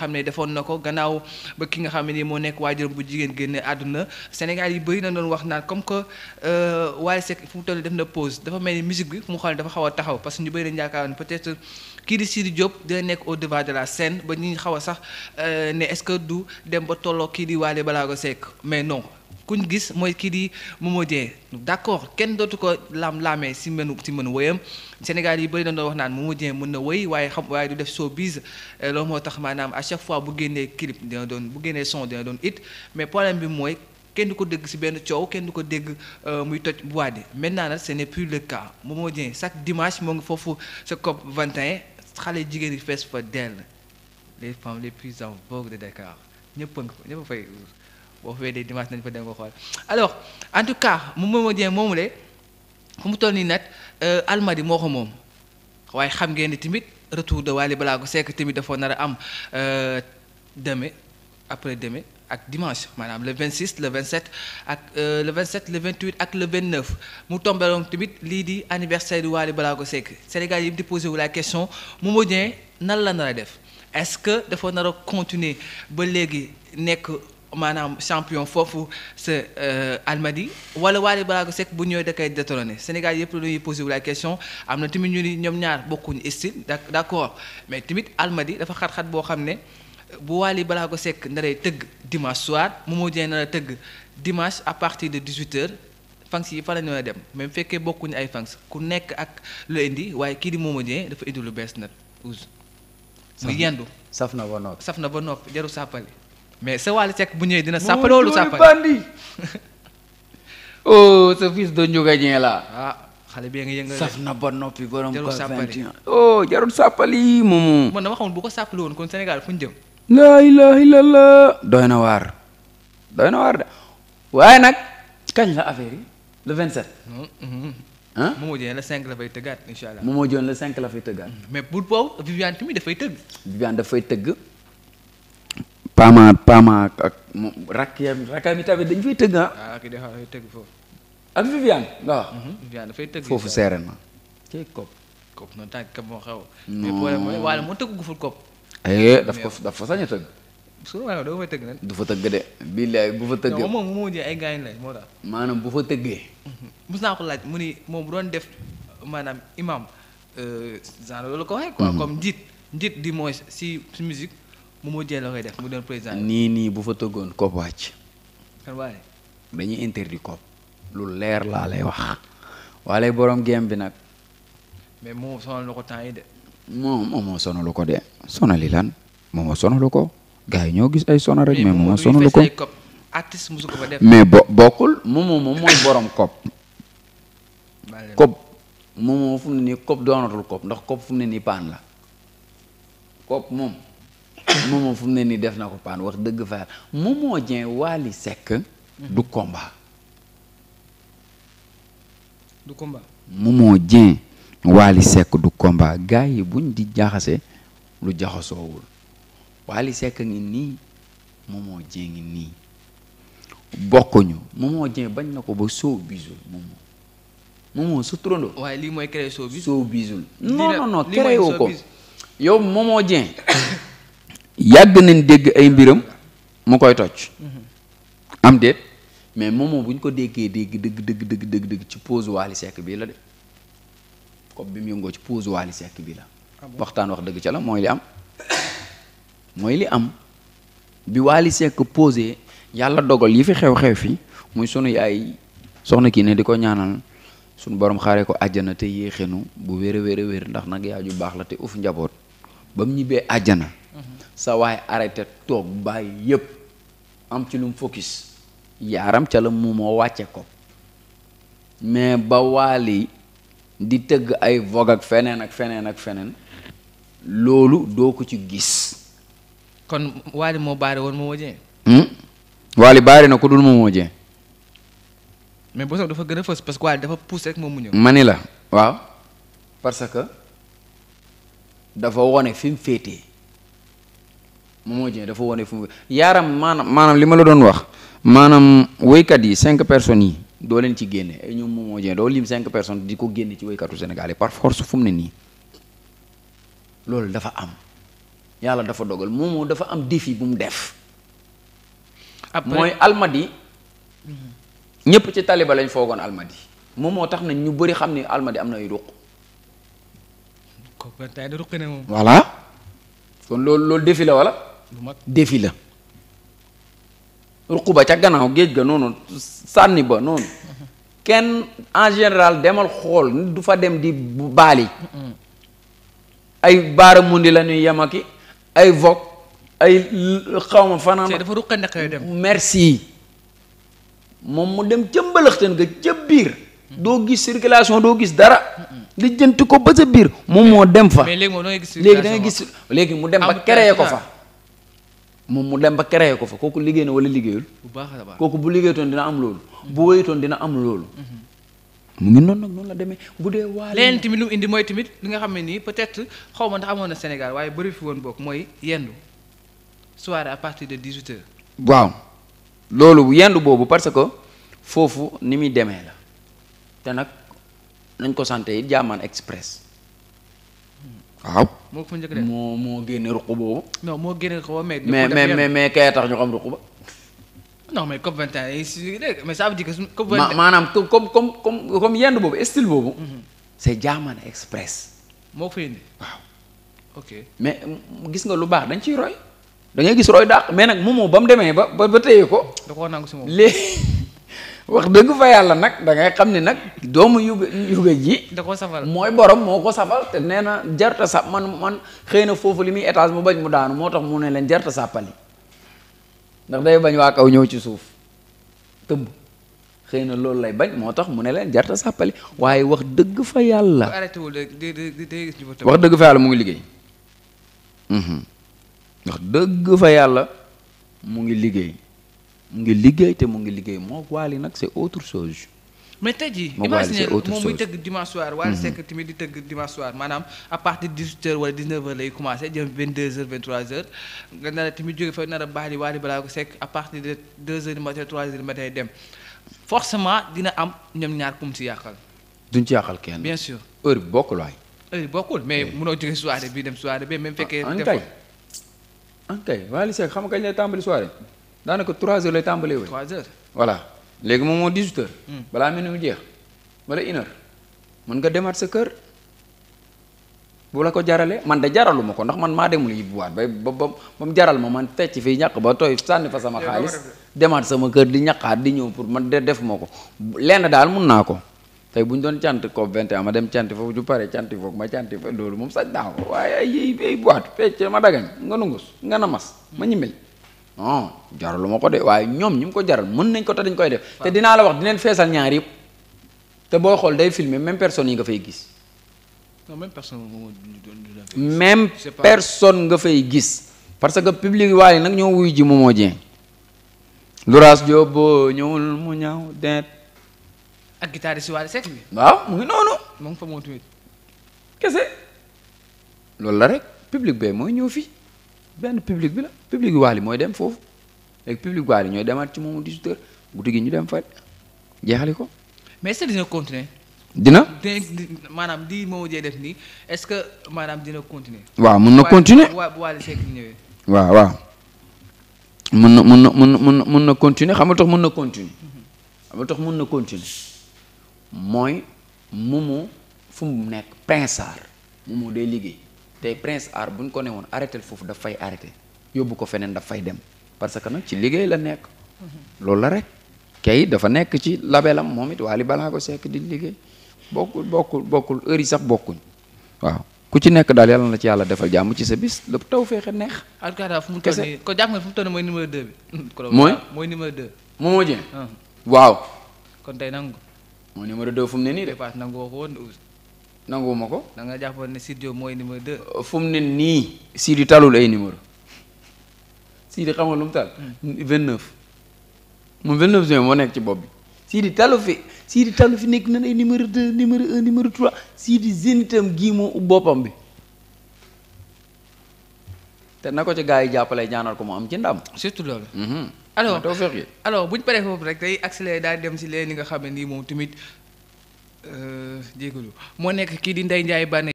xam ne defoon na ko gannaaw ba ki nga xam ne nii moo nekk waajuram bu jigéen génne àdduna Sénégal yi bëri na doon wax naan comme que euh, Wally Seck fu mu toll def na pose dafa mel ni musique bi fu mu xool dafa xaw a taxaw parce que ñu bëri dañu yaakaar ne peut-être kii di Sidy Diop dina nekk au devant de la scène ba ñi xaw a sax euh, ne est-ce que du dem ba tolloo kii di waale balaa ko Seck mais non. kuñ gis mooy kii di Momo Dieng d'accord kenn dootu ko laam laamee si mënu si mënu woyam Sénégal yi bëri doon wax naan Momo Dieng mën na woy waaye xam waaye du def showbiz euh, loolu moo tax maanaam à chaque fois bu génnee clip dina doon bu génnee son dina doon it mais problème bi mooy kenn du ko dégg si benn coow kenn du ko dégg euh, muy toj bois di maintenant nag ce n'est plus le cas Momo Dieng chaque dimanche moo ngi foofu sa COP 21 xale jigéen yi fees fa dell les femmes les plus en vogue de boo fa weedee dimanche nañ fa dem ko xool alors en tout cas mu Momadien moomu le fu mu toll nii nag euh, almadi moo ko moom waaye xam ngeen ni tamit retour de Wally Ballago Seck tamit dafa nar a am euh, deme après deme ak dimanche maanaam le 26 le 27 euh, ak le 27 le 28 ak le vingt 29 mu tombeloon tamit lii di anniversaire du Wally Ballago Seck Sénégal yi di posé wu la question Momadien nan la nar def est-ce que dafa nar a ba léegi nekk. maanaam champion foofu sa euh, Almadi wala Waly ko Seck bu ñëwee da koy détrôner Sénégal yëpp lu ñuy la question am na tamit ñu ni ñoom ñaar bokkuñu style d'accord mais tamit Almadi dafa xat-xat boo xam ne bu balaa ko Seck naree tëgg dimanche soir Momo Dieng nar a tëgg dimanche à partir de 18h fanks yi fa la dem mais bu fekkee bokkuñu ay fanks ku nekk ak lu indi waaye kii di Momo Dieng dafa indi lu bees nag. saf yendu saf na ba noppi na ba noppi jarul sàppali mais sa Wally Seck bu ñëwee dina sàpp loolu sàpp bandi oh sa fils de njugañee la ah xale bi nga yëngal saf na ba noppi borom ko sàppali oh jarul sàppali moomu man dama xamul bu ko sàppali woon kon Sénégal fu ñu jëm laa ilaha illallah doy na waar doy na waar de waaye nag kañ la affaire yi le 27. ah mm, mm-hmm. Momo Dieng le 5 la fay tëggaat incha allah. Momo Dieng la fay tëggaat. Mm-hmm. mais bu boobu Viviane tamit dafay tëgg. Viviane dafay tëgg. Pama Pama ak moom rakk yam rakkaam yi tamit dañ fay tëgg ah. ah ki des fois ah, dafay tëgg foofu. ak Viviane waaw. Mhm, Viviane dafay tëgg foofu seereen ma. cee kopp. kopp noonu tànk ka moo xew. mais problème mooy waaye moo tëgg guful kopp. Eh, eh, daf ko daf fa sañ a tëgg. su waaye doo fa tëgg nag. du fa tëgg de. billaay bu fa tëggee moo jël ay gaañ la moo tax. maanaam bu fa tëggee. mos mhm. naa ko laaj mu ni moom bu doon def maanaam imam euh, genre loolu ko waxee quoi mhm. comme njiit di mooy si si Momo Dieng la koy mu doon président. nii nii bu fa tëggoon COP wàcc. kan waaye. dañuy interdit COP. lu leer laa lay wax. waaye borom game bi nag. mais moom sonalu ko temps moom moom sonalu ko de sonali lan moom sonalu ko gars yi ñoo gis ay sona rek. mais moom sonalu ko artiste musu ko fa def. mais moom moom borom COP. COP moom moom fu mu ne nii COP doonatul COP ndax COP fu mu ne nii paan la COP moom. moom moom fu mu ne nii def na ko paan wax dëgg fa moom moo jeen Wally Seck du combat du combat moom moo du combat gars buñ di jaxase lu jaxasoowul Wally sekk ngi nii moom moo jeen ngi nii bokkuñu moom moo jeen bañ na ko ba soow bisu moom moomoo su soow bisul soow bisul non non ko yow moom moo yàgg nañ dégg ay mbiram mu koy tocc mm-hmm. am déet mais moom bu ñu ko déggee dégg dëgg dëgg dëgg dëgg ci pause Wally Seck bii la de comme bi mu yëngoo ci pause Wally Seck bii la ah waxtaan wax dëgg ca la mooy li am mooy li am bi Wally Seck posé yàlla dogal yi fi xew-xew fi muy sunu yaay soxna kii ne di ko ñaanal sunu borom xaaree ko àjjana te yéexenu bu wér a wér a ndax nag yaay ju baax la te uf njaboot ba mu ñibbee àjjana sa waaye arrêté toog bàyyi yëpp am ci lu mu focus yaaram ca la mu moo wàcce ko mais ba waali di tëgg ay vogue ak feneen ak feneen ak feneen loolu doo ko ci gis kon waali moo baari woon ma Dieng hmm? waali baari na ko dul Momo Dieng mais bosam dafa gën a fës parce que waali dafa pousse rek moom mu ñëw ma la waaw parce que dafa wone fi mu féetee Momo Dieng dafa wone fu yaaram maanaam maanaam li ma la doon wax maanaam wéykat yi cinq personnes yi doo leen ci génne ay eh, ñoom Momo Dieng doo lim cinq personnes di ko génne ci woykatu Sénégal yi par force fu ne nii loolu dafa am yàlla dafa dogal Momo dafa am défi bu mu def. après mooy almadi ñëpp ci taliba lañ foogoon almadi moom moo tax nañ ñu bëri xam ne almadi am na ay ruq. kooku voilà kon loolu loolu défi la wala. défi la ruq ba ca gannaaw géej ga noonu sànni ba noonu kenn en général demal xool nit du fa dem di baali ay baara mundi la ñuy yem aki ay vog ay xawma fanaan dafa ruqa nekk yooyu dem merci moom mu dem ca mbalaxtan ga ca biir doo gis circulation doo gis dara li jënti ko ba sa biir moom moo dem fa léegi da gis léegi mu dem ba créé ko fa moom mu dem ba créé ko fa kooku liggéey na wala liggéeyul. bu baax a baax kooku bu liggéeytoon dina am loolu. bu wéytoon dina am loolu. mu ngi noonu nag noonu la demee bu dee waa. leneen tamit lu mu indi mooy tamit li nga xam ne nii peut-être xaw ma ndax amoon na Sénégal waaye bëri fi woon bokk mooy yendu soirée à parti de 18h. waaw loolu yendu boobu parce que foofu ni muy demee la te nag nañ ko sante it jaamaan express. waaw. moo ko fa njëkk a def génne ruq boobu. non moo génne ruq boobu mais. mais mais mais kay tax ñu xam ruq ba. non mais COP 21 mais ça veut maanaam comme comme comme comme yenn boobu style boobu. Mhm. c'est Jamana Express. moo ko mais mm, gis nga lu baax dañ ci roy. da gis roy dàq mais nag moomoo ba mu demee ba ba téye ko. da koo nangu wax dëgg fa yàlla nag dangay xam ni nag doomu yuga yuga ji. da mooy borom moo ko safal te nee na jarta sa man man xëy na foofu li muy étage mu bañ mu daanu moo tax mu ne leen jarta sàppali ndax day bañ waa kaw ñëw ci suuf tëbb xëy na loolu lay bañ moo tax mu ne leen jarta sàppali waaye wax dëgg fa yàlla. wax dëgg fa yàlla mu ngi liggéey. Mhm. wax dëgg fa yàlla mu ngi liggéey. mu ngi liggéey te mu ngi liggéey moo Wally nag c'est autre chose. mais tey jii imagine moom muy tëgg dimanche soir Wally mhm. di tëgg dimanche soir maanaam à partir de 18h wala 19h lay commencé jëm 22h 23h nga nar a tamit jóge fa a baax di Wally balaa ko Seck à partir de 2h dina am ñoom ñaar kum si yàqal. duñ ci yàqal kenn. bien sûr heure bi bokkul waay. heure bi bokkul mais eh. munoo jóge soirée bii dem soirée bi même fekkee. Ah, en kay en kay Wally Seck xam nga kañ lay tàmbali soirée. daanaka 3 heures lay tàmbalee woon. 3 heures voilà léegi moom moo 18 hmm. balaa mel ni jeex mala une heure mën nga demaat sa kër bu la ko jaralee man da jaralu ma ko ndax man maa demul yi buwaat bay ba ba mu jaral ma man fecc fii ñàkk ba tooy sànni fa sama xaalis demaat sama kër di ñaqaat di ñëw pour man de def ma ko lenn daal mun naa ko. tey bu ñu doon cant ko 21 ma dem cant foofu ju pare cant foofu ma cant fa loolu moom sañ naa waaye ay ay boîte fecc ma dagañ nga nungus nga namas ma ñimmel non jaralu ma ko de waaye ñoom ñi mu ko jaral mën nañ ko te dañ koy def te dinaa la wax leen feesal ñaar yëpp te boo xool day filmer même personne yi nga fay gis même personne nga fay gis parce que public waaye nag ñoo wuy ji Momo Dieng Louraas Diop boo ñëwul mu ñaaw deet ak guitariste si Wally Seck bi waaw mu ngi noonu kese loolu la rek public bee mooy ñëw fii benn public bi la public waal mooy dem foofu léegi public waal ñooy demaat ci moomu 18 heures guddi gi ñu dem fa jeexali ko. mais est-ce que dina continuer. dina maanaam di moo jee def nii est-ce que maanaam dina continuer. waaw mun na continuer waaw waaw waaw. mun na mun na mun na mun na continuer xam nga tax mun na continuer. xam nga mun na continuer mooy Momo fu nekk Prince Sarr Momo day liggéey. tey prince art bu ñu ko ne woon arrêté foofu daf fay arrêté yóbbu ko feneen daf fay dem parce que nag ci liggéey la nekk loolu la rek kay dafa nekk ci labeelam moom it Wally Ballago Seck di liggéey bokkul bokkul bokkul heure sax bokkuñ waaw ku ci nekk daal yàlla na ci yàlla defal jàmm ci sa bis lépp taw feexe neex. alkaata fu mu toll ko jàpp nga fu mooy numéro 2 bi. mooy mooy numéro 2. Momo Dieng. Ah. waaw. kon tey nangu. mooy numéro 2 fu mu ne nii de. dépasse nangu nanguwuma ko. danga nga jàppoon ne Sidy mooy numéro de fu mu ne nii. Sidy talul ay numéro Sidy xam nga lu mu tal. 29 hmm. moom 29 juin moo nekk ci bopp bi sii di talu fi sii di talu fi nekk nan ay numéro 2 numéro 1 numéro 3 Sidy zénitam gii moo ub boppam bi. te na ko ci gars yi jàppale jaanal ko mu am ci ndam. surtout loolu. Hmm. alors alors bu ñu paree foofu rek day accéléré daal dem si leen li nga xame nii moom tamit jégalu euh, moo nekk kii di Ndeye Ndiaye Bane